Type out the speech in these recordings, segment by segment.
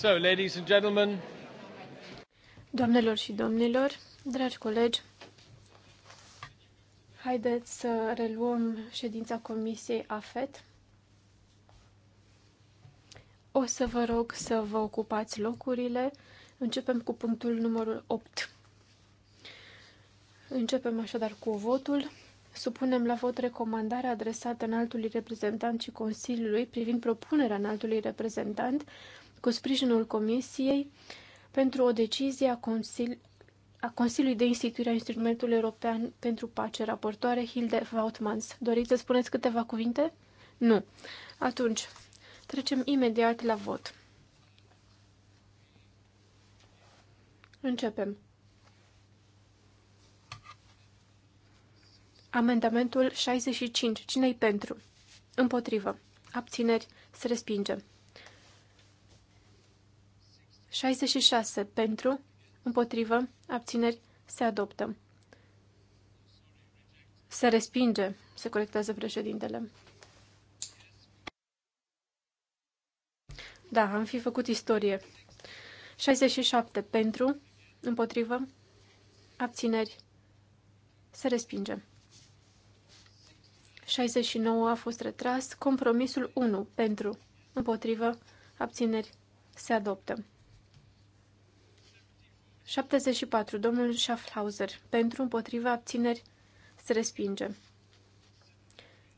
So, ladies and gentlemen. Doamnelor și domnilor, dragi colegi, haideți să reluăm ședința Comisiei AFET. O să vă rog să vă ocupați locurile. Începem cu punctul numărul 8. Începem așadar cu votul. Supunem la vot recomandarea adresată înaltului reprezentant și Consiliului privind propunerea înaltului reprezentant cu sprijinul Comisiei pentru o decizie a, a Consiliului de Instituire a Instrumentului European pentru Pace, raportoare Hilde Vautmans. Doriți să spuneți câteva cuvinte? Nu. Atunci, trecem imediat la vot. Începem. Amendamentul 65. Cine-i pentru? Împotrivă. Abțineri. Se respinge. 66 pentru, împotrivă, abțineri, se adoptă. Se respinge, se corectează președintele. Da, am fi făcut istorie. 67 pentru, împotrivă, abțineri, se respinge. 69 a fost retras, compromisul 1 pentru, împotrivă, abțineri, se adoptă. 74. Domnul Schaffhauser. Pentru, împotriva, abțineri, se respinge.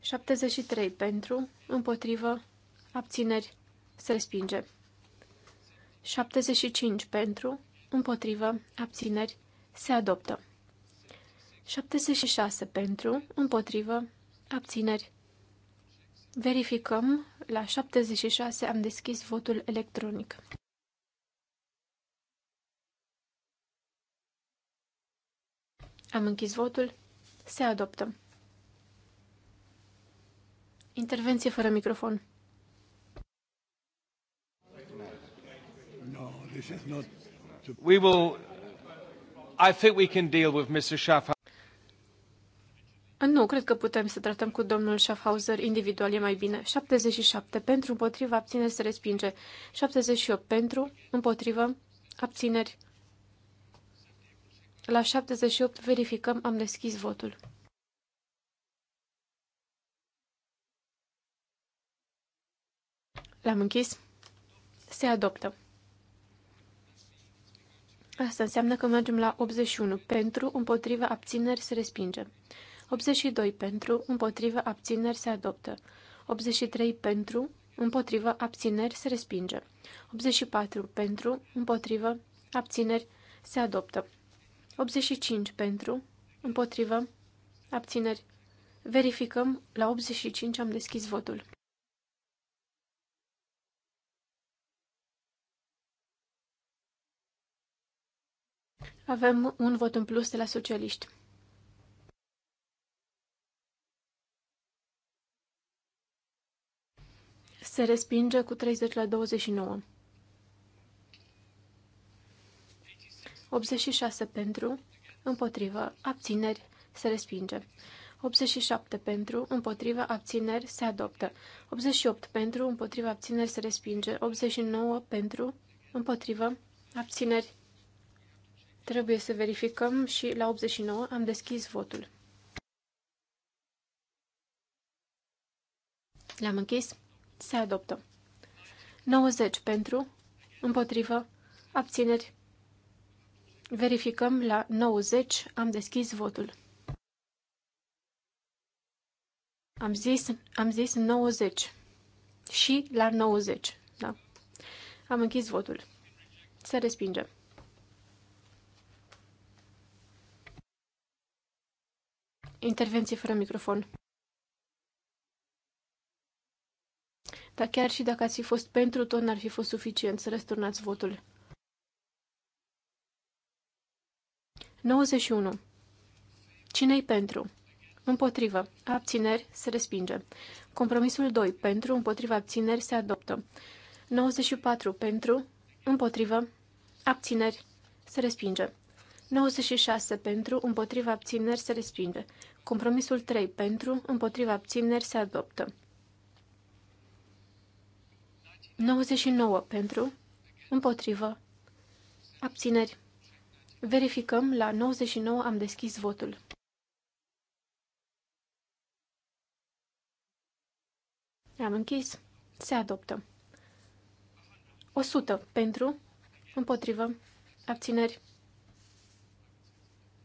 73. Pentru, împotriva abțineri, se respinge. 75. Pentru, împotriva abțineri, se adoptă. 76. Pentru, împotriva abțineri. Verificăm. La 76 am deschis votul electronic. Am închis votul. Se adoptă. Intervenție fără microfon. No, this is not... We will... I think we can deal with Mr. Schaffhauser. Uh, nu, cred că putem să tratăm cu domnul Schaffhauser individual, e mai bine. 77 pentru, împotriva, abțineri, se respinge. 78 pentru, împotriva abțineri, la 78 verificăm, am deschis votul. L-am închis. Se adoptă. Asta înseamnă că mergem la 81. Pentru, împotriva, abțineri, se respinge. 82. Pentru, împotriva, abțineri, se adoptă. 83. Pentru, împotriva, abțineri, se respinge. 84. Pentru, împotriva, abțineri, se adoptă. 85 pentru, împotrivă, abțineri. Verificăm, la 85 am deschis votul. Avem un vot în plus de la socialiști. Se respinge cu 30 la 29. 86 pentru, împotrivă, abțineri, se respinge. 87 pentru, împotriva abțineri, se adoptă. 88 pentru, împotriva abțineri, se respinge. 89 pentru, împotriva abțineri. Trebuie să verificăm și la 89 am deschis votul. L-am închis. Se adoptă. 90 pentru, împotrivă, abțineri, Verificăm la 90, am deschis votul. Am zis, am zis 90 și la 90, da. Am închis votul. Se respinge. Intervenție fără microfon. Dar chiar și dacă ați fi fost pentru, tot n-ar fi fost suficient să răsturnați votul. 91. Cine-i pentru? Împotrivă. Abțineri se respinge. Compromisul 2. Pentru, împotriva abțineri se adoptă. 94. Pentru, împotrivă, abțineri se respinge. 96. Pentru, împotriva abțineri se respinge. Compromisul 3. Pentru, împotriva abțineri se adoptă. 99. Pentru, împotrivă, abțineri Verificăm, la 99 am deschis votul. Am închis. Se adoptă. 100 pentru, împotrivă, abțineri.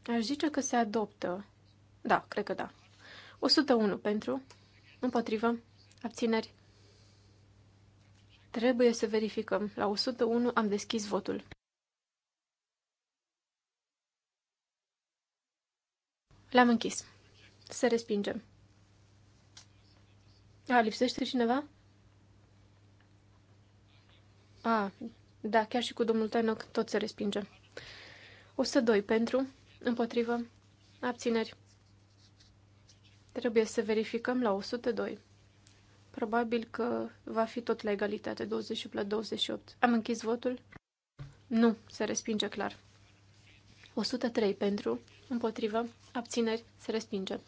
Aș zice că se adoptă. Da, cred că da. 101 pentru, împotrivă, abțineri. Trebuie să verificăm. La 101 am deschis votul. L-am închis. Să respingem. A, lipsește cineva? A, da, chiar și cu domnul Tenoc tot se respinge. 102 pentru, împotrivă, abțineri. Trebuie să verificăm la 102. Probabil că va fi tot la egalitate, 28 la 28. Am închis votul? Nu, se respinge clar. 103 pentru, împotrivă, abțineri, se respinge.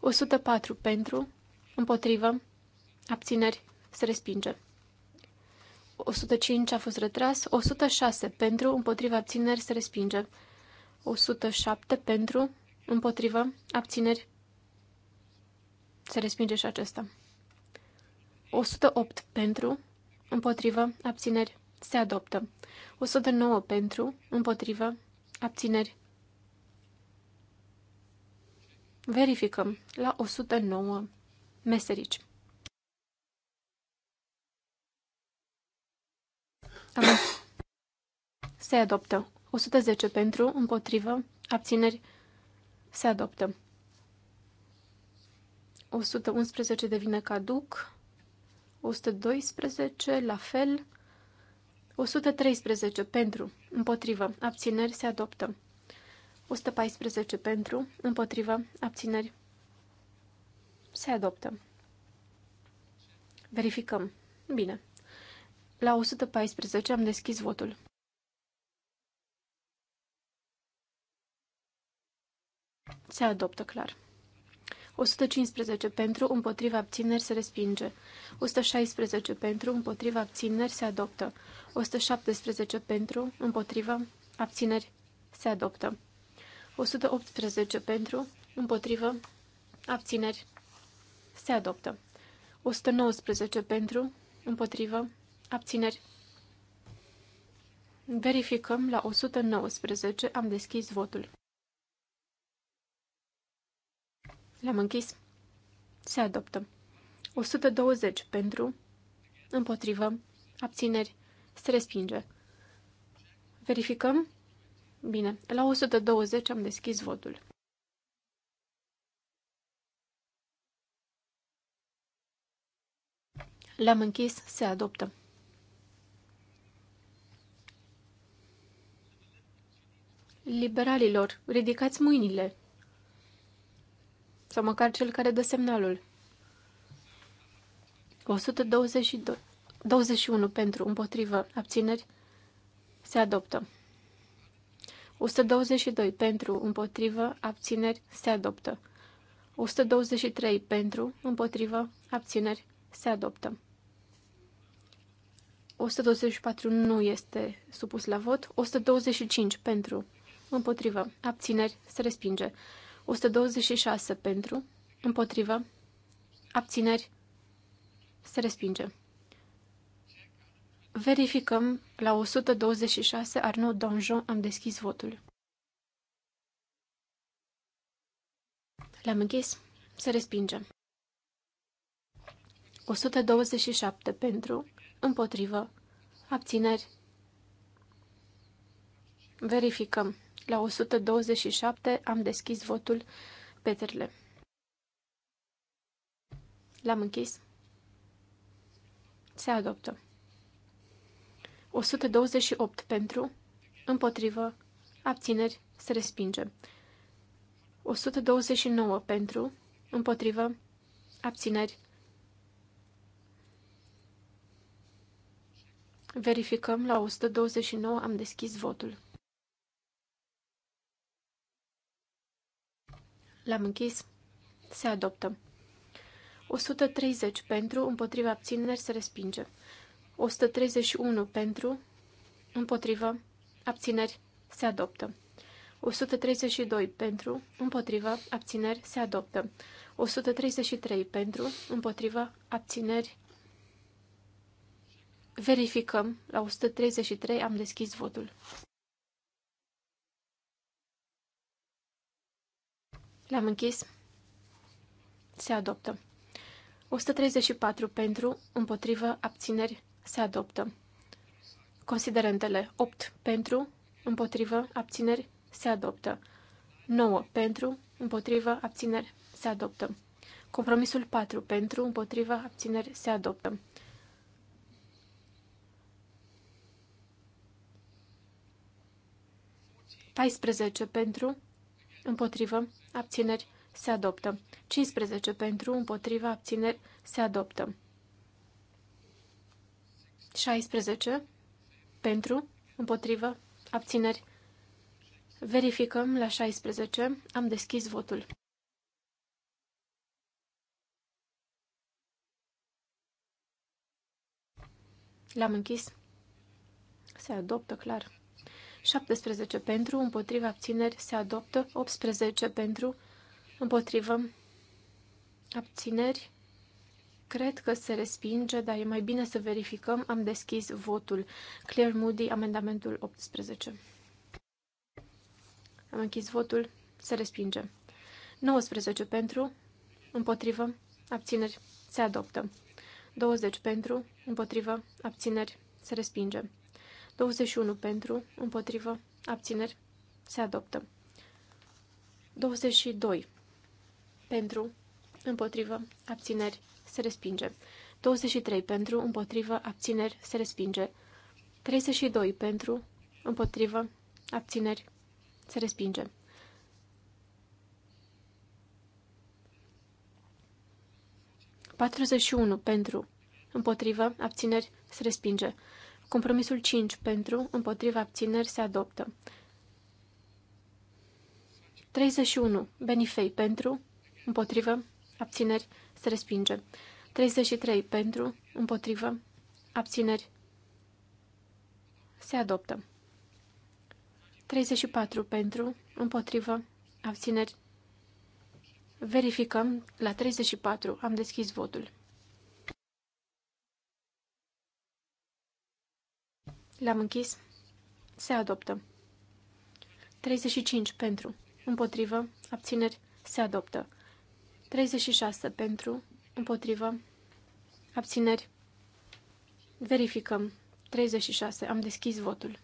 104 pentru, împotrivă, abțineri, se respinge. 105 a fost retras, 106 pentru, împotrivă, abțineri, se respinge. 107 pentru, împotrivă, abțineri, se respinge și acesta. 108 pentru, împotrivă, abțineri, se adoptă. 109 pentru, împotrivă, abțineri, Verificăm la 109 meserici. Se adoptă. 110 pentru, împotrivă, abțineri, se adoptă. 111 devine caduc, 112 la fel, 113 pentru, împotrivă, abțineri, se adoptă. 114 pentru, împotrivă, abțineri. Se adoptă. Verificăm. Bine. La 114 am deschis votul. Se adoptă clar. 115 pentru, împotriva abțineri se respinge. 116 pentru, împotriva abțineri se adoptă. 117 pentru, împotriva abțineri se adoptă. 118 pentru, împotrivă, abțineri, se adoptă. 119 pentru, împotrivă, abțineri. Verificăm la 119, am deschis votul. L-am închis. Se adoptă. 120 pentru, împotrivă, abțineri, se respinge. Verificăm Bine, la 120 am deschis votul. L-am închis, se adoptă. Liberalilor, ridicați mâinile. Sau măcar cel care dă semnalul. 122. 21 pentru, împotrivă, abțineri, se adoptă. 122 pentru, împotrivă, abțineri, se adoptă. 123 pentru, împotrivă, abțineri, se adoptă. 124 nu este supus la vot. 125 pentru, împotrivă, abțineri, se respinge. 126 pentru, împotrivă, abțineri, se respinge. Verificăm la 126 Arnaud Donjon am deschis votul. L-am închis. Se respingem. 127 pentru, împotrivă, abțineri. Verificăm. La 127 am deschis votul Peterle. L-am închis. Se adoptă. 128 pentru, împotrivă, abțineri, se respinge. 129 pentru, împotrivă, abțineri. Verificăm la 129, am deschis votul. L-am închis. Se adoptă. 130 pentru, împotriva abțineri, se respinge. 131 pentru, împotrivă, abțineri, se adoptă. 132 pentru, împotrivă, abțineri, se adoptă. 133 pentru, împotrivă, abțineri. Verificăm. La 133 am deschis votul. L-am închis. Se adoptă. 134 pentru, împotrivă, abțineri, se adoptă. Considerentele 8 pentru, împotrivă, abțineri, se adoptă. 9 pentru, împotrivă, abțineri, se adoptă. Compromisul 4 pentru, împotrivă, abțineri, se adoptă. Paisprezece pentru, împotrivă, abțineri, se adoptă. 15 pentru, împotriva, abțineri, se adoptă. 16 pentru, împotrivă, abțineri. Verificăm la 16. Am deschis votul. L-am închis. Se adoptă, clar. 17 pentru, împotriva abțineri, se adoptă. 18 pentru, împotrivă, abțineri, Cred că se respinge, dar e mai bine să verificăm. Am deschis votul. Claire Moody, amendamentul 18. Am închis votul. Se respinge. 19 pentru, împotrivă, abțineri, se adoptă. 20 pentru, împotrivă, abțineri, se respinge. 21 pentru, împotrivă, abțineri, se adoptă. 22 pentru, împotrivă, abțineri, se respinge. 23 pentru, împotrivă, abțineri, se respinge. 32 pentru, împotrivă, abțineri, se respinge. Patruzeci pentru, împotrivă, abțineri, se respinge. Compromisul 5 pentru, împotriva abțineri, se adoptă. 31. Benifei pentru, împotrivă, abțineri, se respinge. 33 pentru, împotrivă, abțineri. Se adoptă. 34 pentru, împotrivă, abțineri. Verificăm la 34. Am deschis votul. L-am închis. Se adoptă. 35 pentru, împotrivă, abțineri. Se adoptă. 36 pentru, împotrivă, abțineri. Verificăm. 36. Am deschis votul.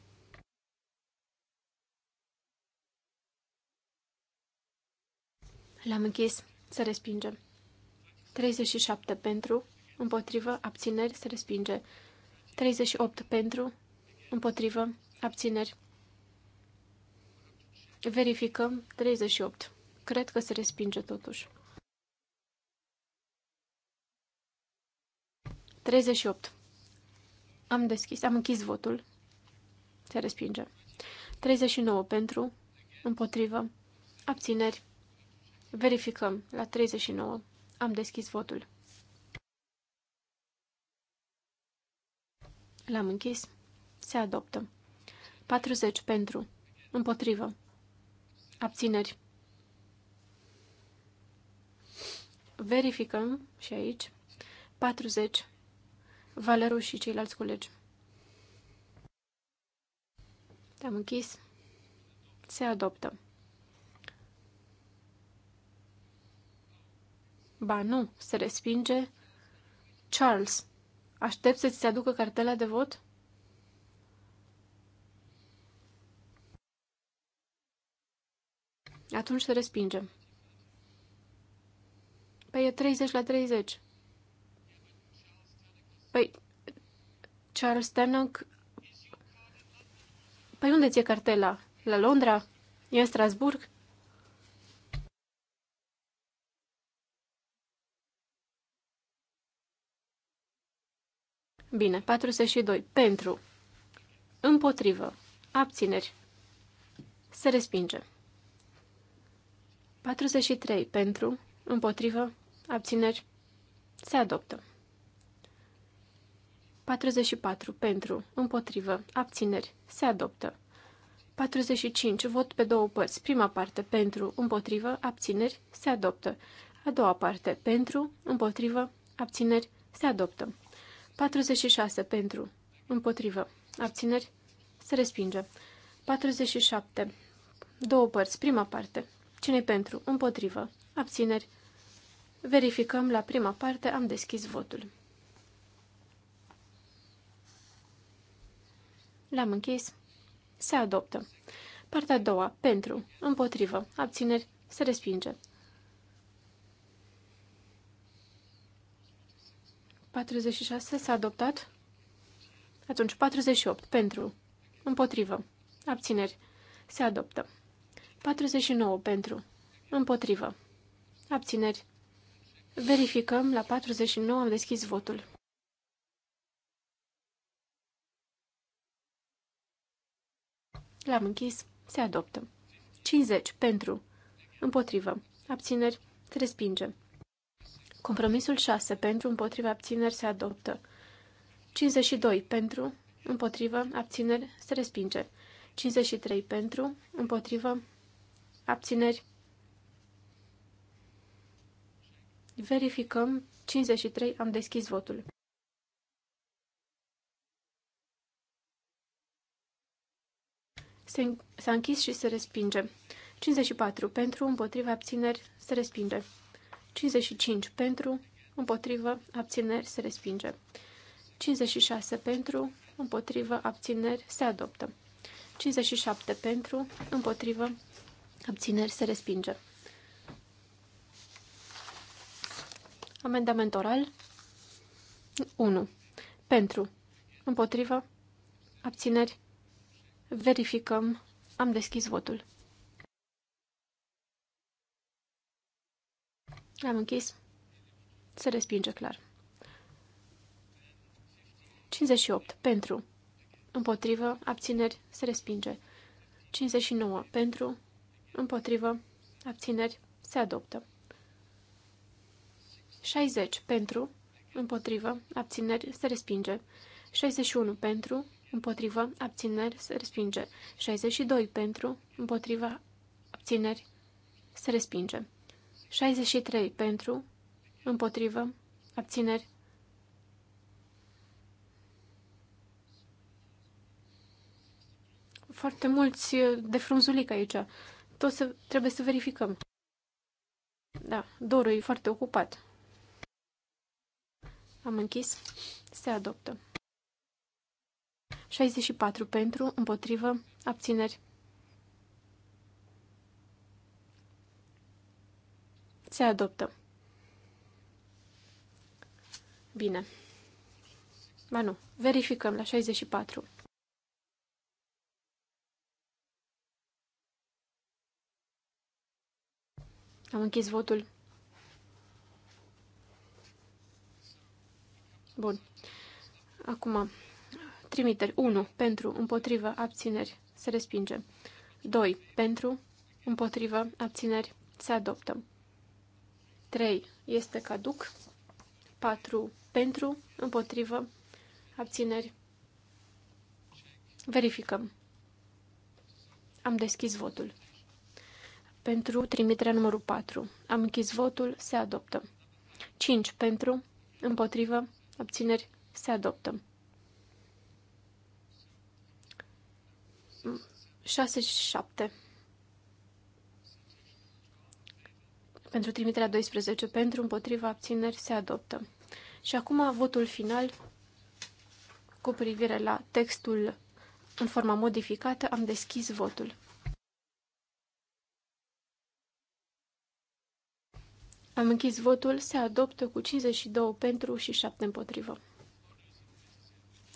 L-am închis. Se respinge. 37 pentru, împotrivă, abțineri, se respinge. 38 pentru, împotrivă, abțineri. Verificăm 38. Cred că se respinge totuși. 38. Am deschis, am închis votul. Se respinge. 39 pentru, împotrivă, abțineri. Verificăm la 39. Am deschis votul. L-am închis. Se adoptă. 40 pentru, împotrivă, abțineri. Verificăm și aici. 40 Valeru și ceilalți colegi. Am închis. Se adoptă. Ba nu, se respinge. Charles, aștept să-ți se aducă cartela de vot? Atunci se respinge. Păi e 30 la 30. Păi, Charles Tannock... Păi unde ți-e cartela? La Londra? E în Strasburg? Bine, 42. Pentru. Împotrivă. Abțineri. Se respinge. 43. Pentru. Împotrivă. Abțineri. Se adoptă. 44. Pentru. Împotrivă. Abțineri. Se adoptă. 45. Vot pe două părți. Prima parte. Pentru. Împotrivă. Abțineri. Se adoptă. A doua parte. Pentru. Împotrivă. Abțineri. Se adoptă. 46. Pentru. Împotrivă. Abțineri. Se respinge. 47. Două părți. Prima parte. Cine pentru? Împotrivă. Abțineri. Verificăm la prima parte. Am deschis votul. L-am închis. Se adoptă. Partea a doua. Pentru. Împotrivă. Abțineri. Se respinge. 46 s-a adoptat. Atunci 48. Pentru. Împotrivă. Abțineri. Se adoptă. 49. Pentru. Împotrivă. Abțineri. Verificăm. La 49 am deschis votul. L-am închis. Se adoptă. 50. Pentru. Împotrivă. Abțineri. Se respinge. Compromisul 6. Pentru. Împotrivă. Abțineri. Se adoptă. 52. Pentru. Împotrivă. Abțineri. Se respinge. 53. Pentru. Împotrivă. Abțineri. Verificăm. 53. Am deschis votul. S-a închis și se respinge. 54. Pentru, împotriva, abțineri, se respinge. 55. Pentru, împotriva, abțineri, se respinge. 56. Pentru, împotriva, abțineri, se adoptă. 57. Pentru, împotriva, abțineri, se respinge. Amendament oral 1. Pentru, împotriva, abțineri, Verificăm. Am deschis votul. Am închis. Se respinge clar. 58. Pentru. Împotrivă. Abțineri. Se respinge. 59. Pentru. Împotrivă. Abțineri. Se adoptă. 60. Pentru. Împotrivă. Abțineri. Se respinge. 61. Pentru împotrivă, abțineri, se respinge. 62 pentru, împotrivă, abțineri, se respinge. 63 pentru, împotrivă, abțineri. Foarte mulți uh, de frunzulic aici. Tot să, trebuie să verificăm. Da, Doru e foarte ocupat. Am închis. Se adoptă. 64 pentru, împotrivă, abțineri. Se adoptă. Bine. Ba nu, verificăm la 64. Am închis votul. Bun. Acum, Trimiteri 1. Pentru, împotrivă, abțineri, se respinge. 2. Pentru, împotrivă, abțineri, se adoptă. 3. Este caduc. 4. Pentru, împotrivă, abțineri. Verificăm. Am deschis votul. Pentru trimiterea numărul 4. Am închis votul, se adoptă. 5. Pentru, împotrivă, abțineri, se adoptă. 6 și 7. Pentru trimiterea 12, pentru împotriva abțineri se adoptă. Și acum votul final cu privire la textul în forma modificată, am deschis votul. Am închis votul, se adoptă cu 52 pentru și 7 împotrivă.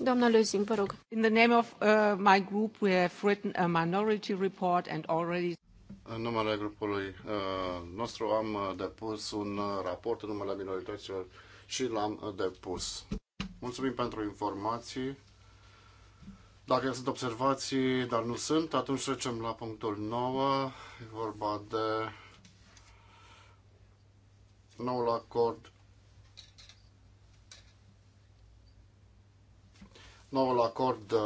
Doamna Lözing, vă rog. In the name of uh, my group, we have written a minority report and already... În numele grupului uh, nostru am uh, depus un uh, raport în numele minorităților și l-am uh, depus. Mulțumim pentru informații. Dacă sunt observații, dar nu sunt, atunci trecem la punctul 9. E vorba de noul acord noul acord uh,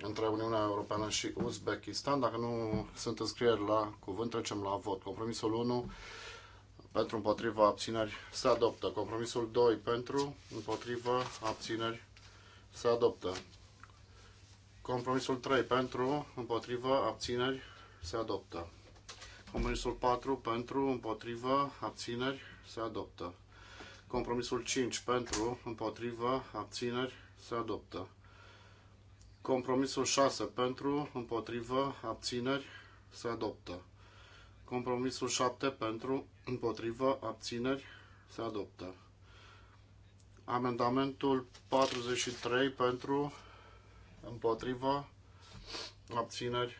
între Uniunea Europeană și Uzbekistan. Dacă nu sunt înscrieri la cuvânt, trecem la vot. Compromisul 1 pentru împotriva abțineri se adoptă. Compromisul 2 pentru împotriva abțineri se adoptă. Compromisul 3 pentru împotriva abțineri se adoptă. Compromisul 4 pentru împotriva abțineri se adoptă. Compromisul 5 pentru, împotrivă, abțineri, se adoptă. Compromisul 6 pentru, împotrivă, abțineri, se adoptă. Compromisul 7 pentru, împotrivă, abțineri, se adoptă. Amendamentul 43 pentru, împotrivă, abțineri,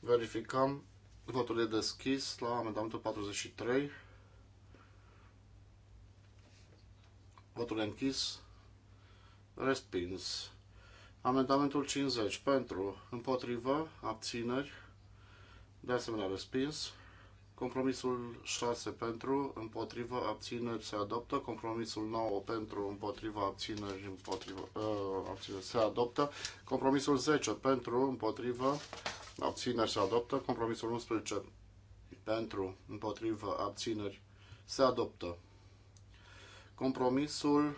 verificăm. Votul e deschis la amendamentul 43. Votul închis. Respins. Amendamentul 50 pentru, împotrivă, abțineri, de asemenea respins. Compromisul 6 pentru, împotrivă, abțineri se adoptă. Compromisul 9 pentru, împotrivă, abțineri, împotrivă, uh, abțineri se adoptă. Compromisul 10 pentru, împotrivă, abțineri se adoptă. Compromisul 11 pentru, împotrivă, abțineri se adoptă. Compromisul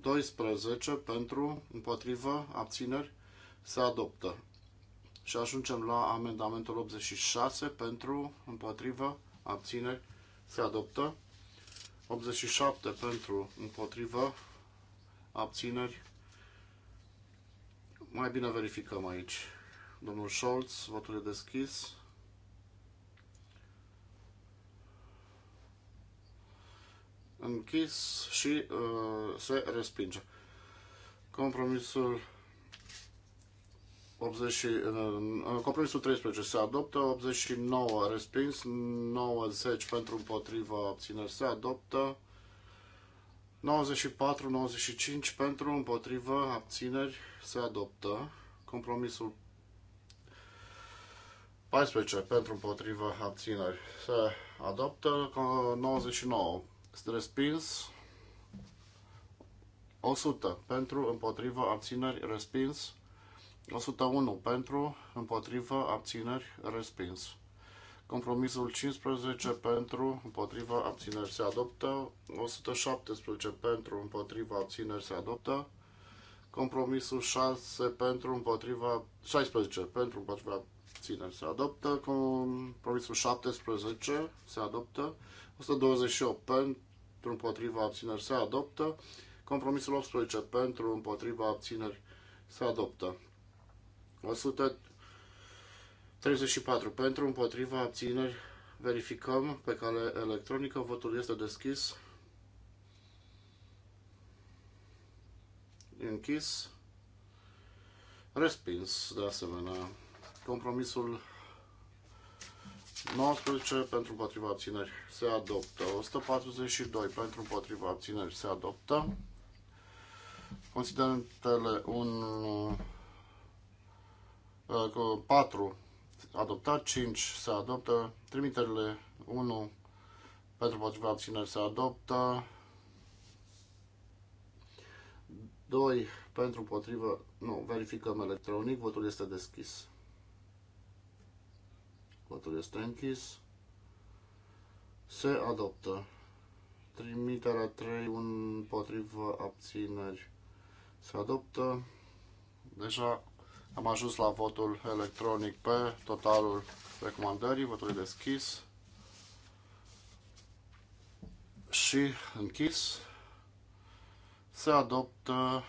12 pentru, împotrivă, abțineri, se adoptă. Și ajungem la amendamentul 86 pentru, împotrivă, abțineri, se adoptă. 87 pentru, împotrivă, abțineri. Mai bine verificăm aici. Domnul Scholz, votul e deschis. închis și uh, se respinge. Compromisul 80, uh, compromisul 13 se adoptă, 89 respins, 90 pentru împotriva abțineri se adoptă, 94-95 pentru împotriva abțineri se adoptă, compromisul 14 pentru împotriva abțineri se adoptă, 99 respins. 100 pentru, împotriva abțineri, respins. 101 pentru, împotriva abțineri, respins. Compromisul 15 pentru, împotriva, abțineri se adoptă. 117 pentru, împotriva, abțineri se adoptă. Compromisul 6 pentru, împotriva, 16 pentru, împotriva, abțineri se adoptă. Compromisul 17 se adoptă. 128 pentru, pentru împotriva abțineri se adoptă. Compromisul 18 pentru împotriva abțineri se adoptă. 134 pentru împotriva abțineri verificăm pe cale electronică. Votul este deschis. Închis. Respins de asemenea. Compromisul 19 pentru împotriva abțineri se adoptă. 142 pentru împotriva abțineri se adoptă. Considerentele 1 4 uh, adoptat, 5 se adoptă, trimiterile 1 pentru împotriva abțineri se adoptă, 2 pentru împotriva, nu, verificăm electronic, votul este deschis. Votul este închis. Se adoptă. Trimiterea 3 împotrivă abțineri. Se adoptă. Deja am ajuns la votul electronic pe totalul recomandării. Votul e deschis și închis. Se adoptă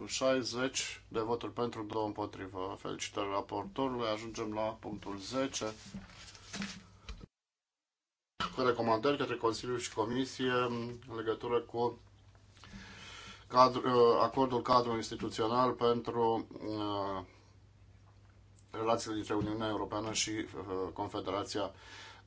cu 60 de voturi pentru, 2 împotrivă. Felicitări raportorului, ajungem la punctul 10 cu recomandări către Consiliu și Comisie în legătură cu cadru, uh, acordul cadru instituțional pentru uh, relațiile dintre Uniunea Europeană și uh, Confederația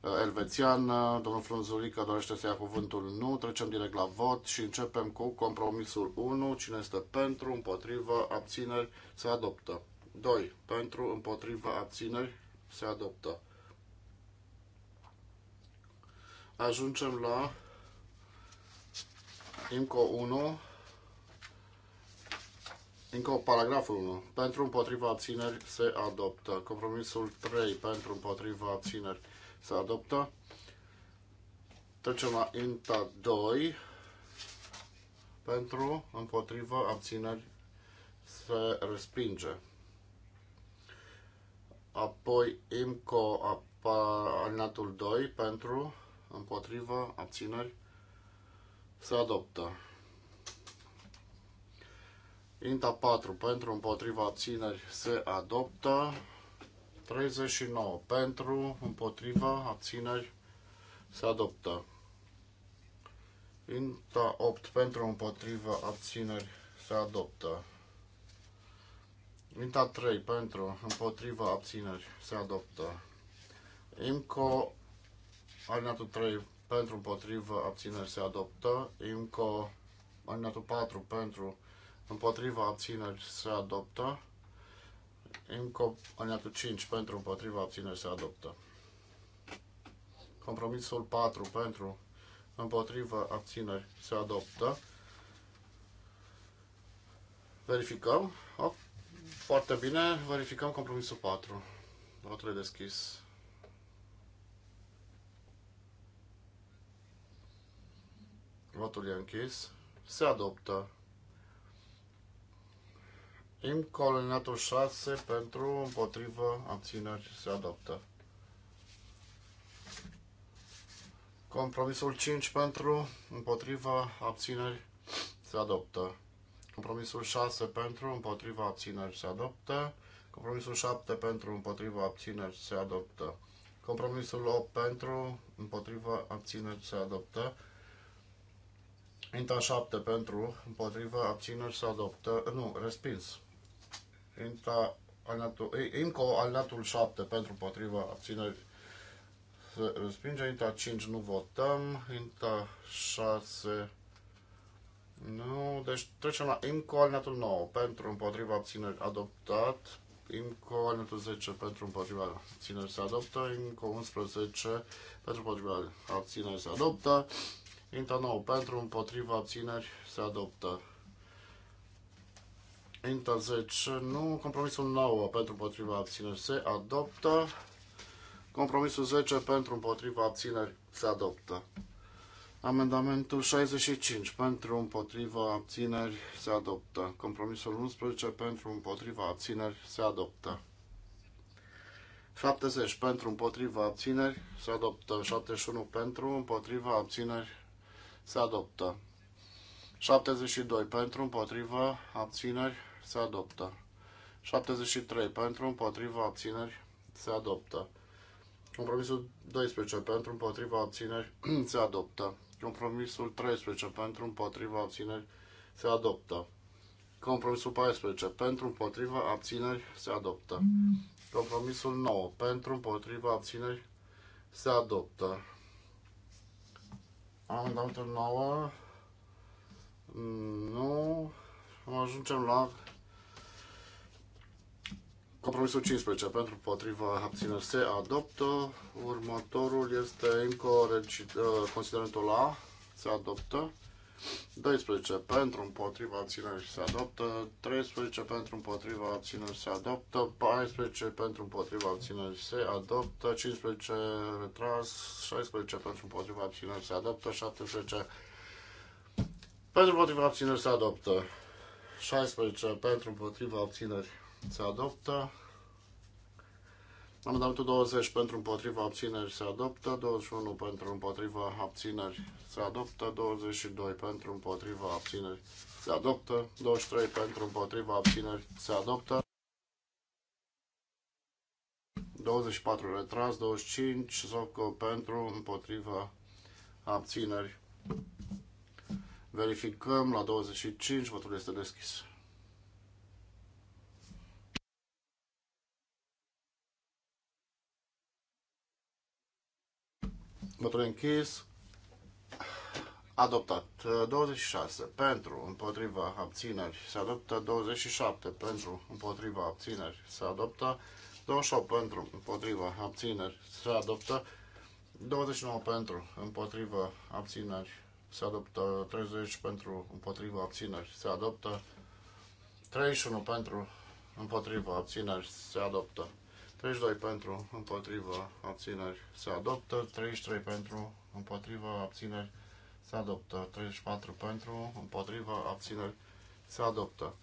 Uh, elvețian. Uh, domnul Frunzulică dorește să ia cuvântul? Nu. Trecem direct la vot și începem cu compromisul 1. Cine este pentru, împotrivă, abțineri, se adoptă. 2. Pentru, împotrivă, abțineri, se adoptă. Ajungem la IMCO 1. Încă o paragraful 1. Pentru împotriva abțineri se adoptă. Compromisul 3. Pentru împotriva abțineri se adoptă. Trecem la INTA 2. Pentru, împotrivă, abțineri se respinge. Apoi IMCO alinatul 2 pentru, împotrivă, abțineri se adoptă. INTA 4 pentru, împotriva, abțineri se adoptă. 39 pentru, împotriva, abțineri, se adoptă. Inta 8 pentru, împotriva, abțineri, se adoptă. Inta 3 pentru, împotriva, abțineri, se adoptă. Imco, alinatul 3 pentru, împotriva, abțineri, se adoptă. Imco, alinatul 4 pentru, împotriva, abțineri, se adoptă. Inco, aliniatul 5 pentru împotriva abțineri se adoptă. Compromisul 4 pentru împotriva abțineri se adoptă. Verificăm. Oh, foarte bine, verificăm compromisul 4. Votul deschis. Votul e închis. Se adoptă. IMCO, alineatul 6, pentru, împotrivă, abțineri, se adoptă. Compromisul 5 pentru, împotrivă abțineri, se adoptă. Compromisul 6 pentru, împotrivă abțineri, se adoptă. Compromisul 7 pentru, împotrivă abțineri, se adoptă. Compromisul 8 pentru, împotrivă abțineri, se adoptă. Inta 7 pentru, împotrivă abțineri, se adoptă. Nu, respins. Intra, alinatul, IMCO alinatul 7 pentru potriva abțineri se respinge. Intra 5 nu votăm. Intra 6 nu. Deci trecem la IMCO alinatul 9 pentru împotriva abțineri adoptat. IMCO alinatul 10 pentru împotriva abțineri se adoptă. IMCO 11 pentru împotriva abțineri se adoptă. Intra 9 pentru împotriva abțineri se adoptă. Inter 10, nu. Compromisul 9 pentru împotriva abțineri se adoptă. Compromisul 10 pentru împotriva abțineri se adoptă. Amendamentul 65 pentru împotriva abțineri se adoptă. Compromisul 11 pentru împotriva abțineri se adoptă. 70 pentru împotriva abțineri se adoptă. 71 pentru împotriva abțineri se adoptă. 72 pentru împotriva abțineri se adoptă. 73 pentru, împotriva, abțineri, se adoptă. Compromisul 12 pentru, împotriva, abțineri, se adoptă. Compromisul 13 pentru, împotriva, abțineri, se adoptă. Compromisul 14 pentru, împotriva, abțineri, se adoptă. Compromisul 9 pentru, împotriva, abțineri, se adoptă. Amendamentul 9 nu. Ajungem la Compromisul 15 pentru potriva abțineri se adoptă. Următorul este IMCO uh, considerentul A. Se adoptă. 12 pentru împotriva abțineri se adoptă. 13 pentru împotriva abțineri se adoptă. 14 pentru împotriva abțineri se adoptă. 15 retras. 16 pentru împotriva abțineri se adoptă. 17 pentru împotriva abțineri se adoptă. 16 pentru împotriva abțineri se adoptă. Amendamentul 20 pentru împotriva abțineri se adoptă, 21 pentru împotriva abțineri se adoptă, 22 pentru împotriva abțineri se adoptă, 23 pentru împotriva abțineri se adoptă, 24 retras, 25 Zoco pentru împotriva abțineri. Verificăm la 25, votul este deschis. Votul închis. Adoptat. 26 pentru, împotriva, abțineri. Se adoptă 27 pentru, împotriva, abțineri. Se adoptă 28 pentru, împotriva, abțineri. Se adoptă 29 pentru, împotriva, abțineri. Se adoptă 30 pentru, împotriva, abțineri. Se adoptă 31 pentru, împotriva, abțineri. Se adoptă 32 pentru, împotrivă, abțineri, se adoptă. 33 pentru, împotrivă, abțineri, se adoptă. 34 pentru, împotrivă, abțineri, se adoptă.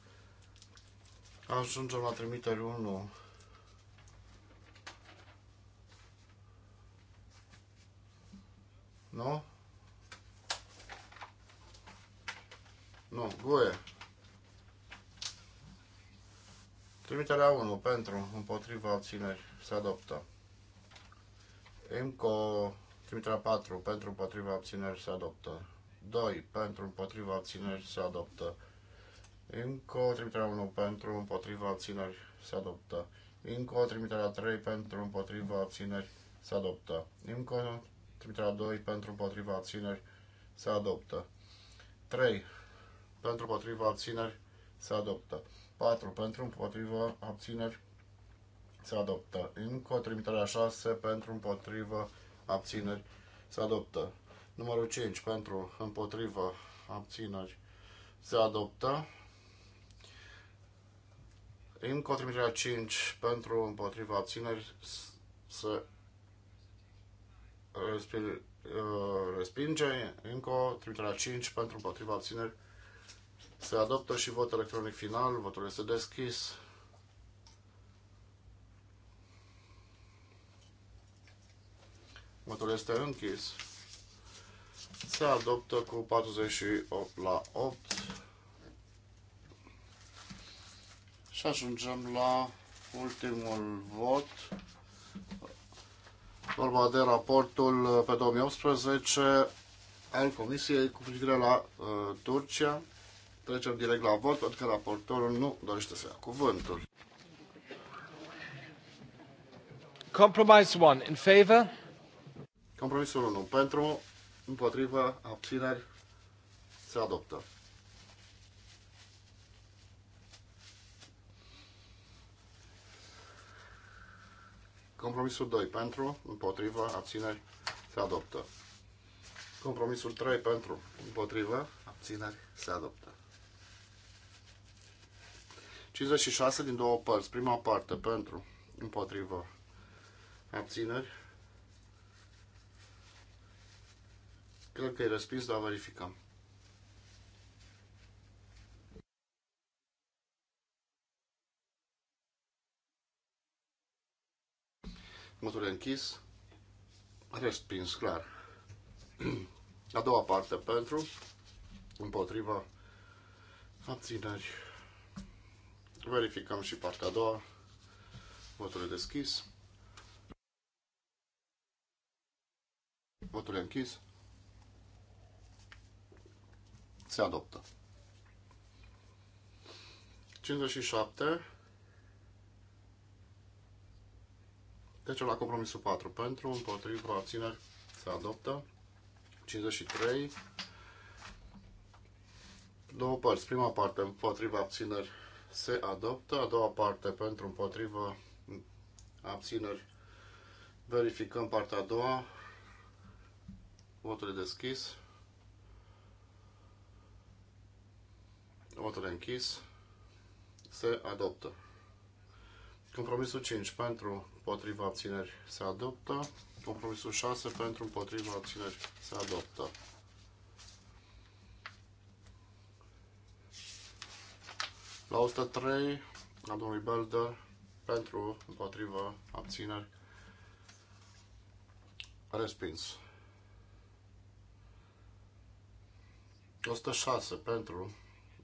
Ajungem la trimiteri 1. Nu? Nu, goie. Trimiterea 1 pentru, împotriva abțineri se adoptă. IMCO, trimiterea 4 pentru, împotriva abțineri se adoptă. 2 pentru, împotriva abțineri se adoptă. IMCO, trimiterea 1 pentru, împotriva abțineri se adoptă. IMCO, trimiterea 3 pentru, împotriva abțineri se adoptă. IMCO, trimiterea 2 pentru, împotriva abțineri se adoptă. 3 pentru, împotriva abțineri se adoptă. 4 pentru împotrivă abțineri se adoptă. Inco, trimiterea 6 pentru împotrivă abțineri se adoptă. Numărul 5 pentru împotrivă abțineri se adoptă. Inco, trimiterea 5 pentru împotrivă abțineri se uh, respinge. Inco, trimiterea 5 pentru împotrivă abțineri se adoptă. Se adoptă și vot electronic final. Votul este deschis. Votul este închis. Se adoptă cu 48 la 8. Și ajungem la ultimul vot. Vorba de raportul pe 2018 al Comisiei cu privire la uh, Turcia. Trecem direct la vot, pentru că raportorul nu dorește să ia cuvântul. Compromise 1 in favor. Compromisul 1 pentru, împotriva, abțineri, se adoptă. Compromisul 2 pentru, împotriva, abțineri, se adoptă. Compromisul 3 pentru, împotriva, abțineri, se adoptă. 56 din două părți. Prima parte pentru, împotrivă, abțineri. Cred că e respins, dar verificăm. Motorul închis. Respins, clar. A doua parte pentru, împotriva, abțineri. Verificăm și partea a doua. Votul e deschis. Votul e închis. Se adoptă. 57. Trecem la compromisul 4. Pentru, împotriva, abțineri, se adoptă. 53. Două părți. Prima parte, împotriva, abțineri, se adoptă. A doua parte pentru împotrivă abțineri. Verificăm partea a doua. Votul e deschis. Votul e închis. Se adoptă. Compromisul 5 pentru împotriva abțineri se adoptă. Compromisul 6 pentru împotriva abțineri se adoptă. La 103 la domnului Belder pentru, împotrivă, abțineri. Respins. 106 pentru,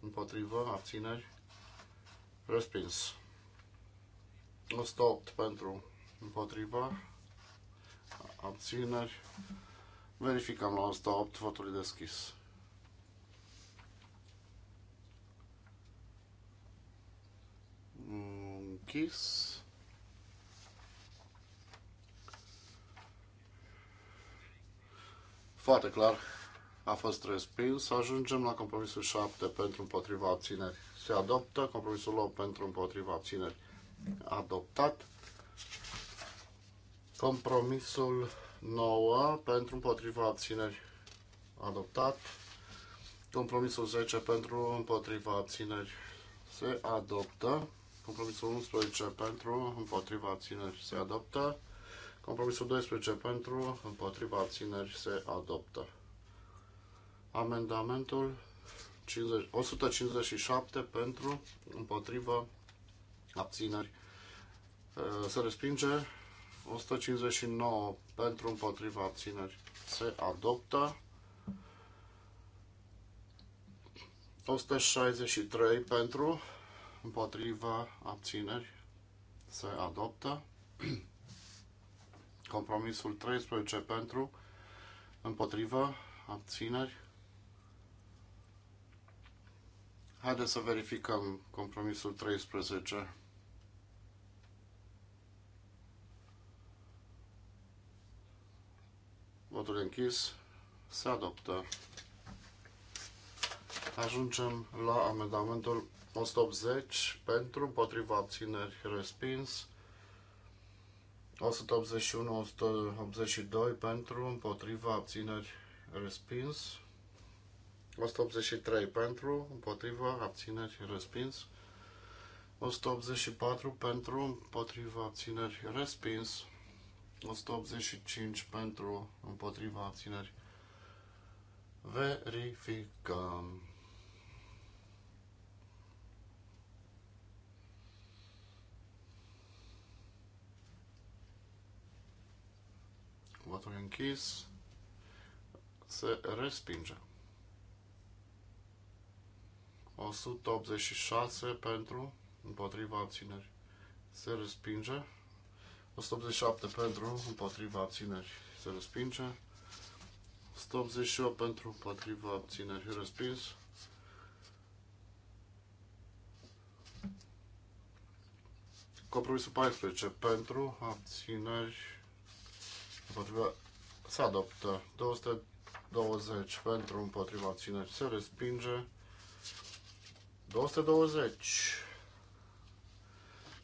împotrivă, abțineri. Respins. 108 pentru, împotrivă, abțineri. Verificăm la 108 votul deschis. închis. Foarte clar a fost respins. Ajungem la compromisul 7 pentru împotriva abțineri. Se adoptă. Compromisul 8 pentru împotriva abțineri. Adoptat. Compromisul 9 pentru împotriva abțineri. Adoptat. Compromisul 10 pentru împotriva abțineri se adoptă. Compromisul 11 pentru, împotriva țineri se adoptă. Compromisul 12 pentru, împotriva țineri se adoptă. Amendamentul 50, 157 pentru, împotriva abțineri se respinge. 159 pentru, împotriva abțineri se adoptă. 163 pentru, împotriva abțineri, se adoptă. Compromisul 13 pentru, împotriva abțineri. Haideți să verificăm compromisul 13. Votul închis. Se adoptă. Ajungem la amendamentul 180 pentru, împotriva abțineri respins. 181, 182 pentru, împotriva abțineri respins. 183 pentru, împotriva abțineri respins. 184 pentru, împotriva abțineri respins. 185 pentru, împotriva abțineri. Verificăm. e închis. Se respinge. 186 pentru, împotriva abțineri. Se respinge. 187 pentru, împotriva abțineri. Se respinge. 188 pentru, împotriva abțineri. Respins. 14 pentru, abțineri împotriva se adoptă. 220 pentru împotriva abțineri se respinge. 220.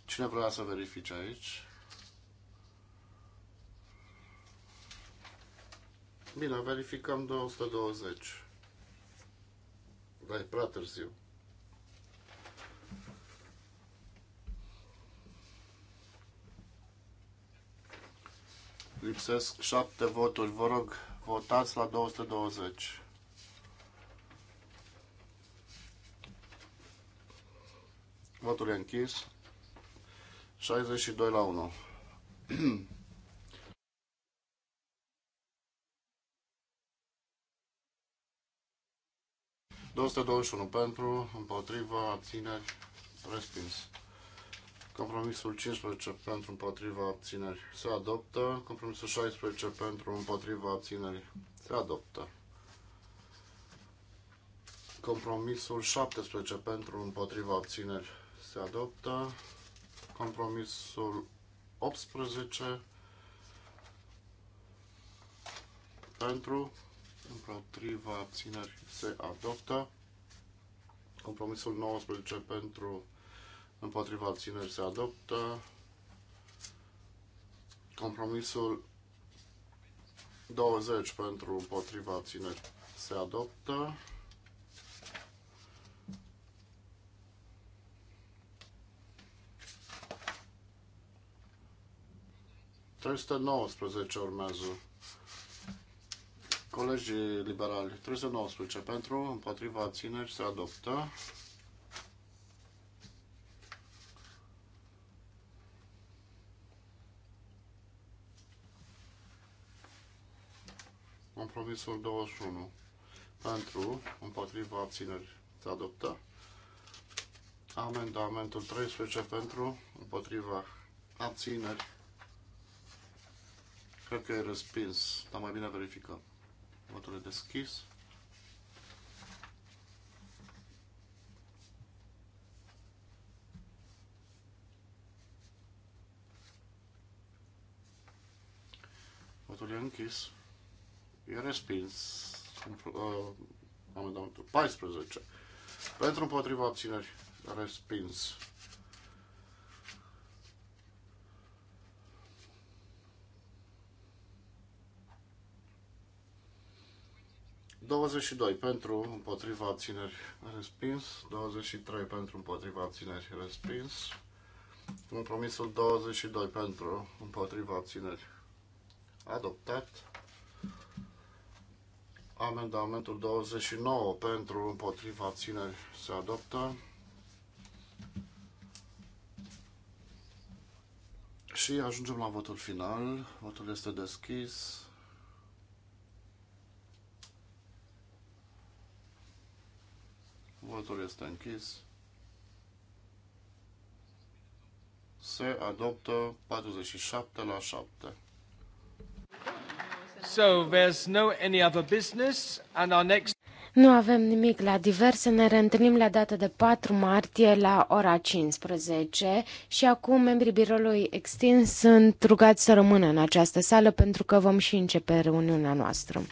Cine vrea să verifice aici? Bine, verificăm 220. Vai, prea târziu. Lipsesc șapte voturi. Vă rog, votați la 220. Votul e închis. 62 la 1. ...221 pentru, împotriva, abțineri, respins. Compromisul 15 pentru împotriva abțineri se adoptă. Compromisul 16 pentru împotriva abțineri se adoptă. Compromisul 17 pentru împotriva abțineri se adoptă. Compromisul 18 pentru împotriva abțineri se adoptă. Compromisul 19 pentru împotriva abțineri se adoptă. Compromisul 20 pentru împotriva abțineri se adoptă. Trebuie 19 urmează. Colegii liberali, 319 pentru, împotriva țineri se adoptă. Compromisul 21. Pentru, împotriva, abțineri, se adoptă. Amendamentul 13 pentru, împotriva, abțineri. Cred că e respins, dar mai bine verificăm. Votul e deschis. Votul e închis. E respins. Uh, amendamentul 14. Pentru împotriva abțineri. Respins. doi pentru împotriva abțineri respins, 23 pentru împotriva abțineri respins, compromisul 22 pentru împotriva abțineri adoptat. Amendamentul 29 pentru împotriva abțineri se adoptă. Și ajungem la votul final. Votul este deschis. Votul este închis. Se adoptă 47 la 7. So, there's no any other business and our next nu avem nimic la diverse, ne reîntâlnim la data de 4 martie la ora 15 și acum membrii biroului extins sunt rugați să rămână în această sală pentru că vom și începe reuniunea noastră.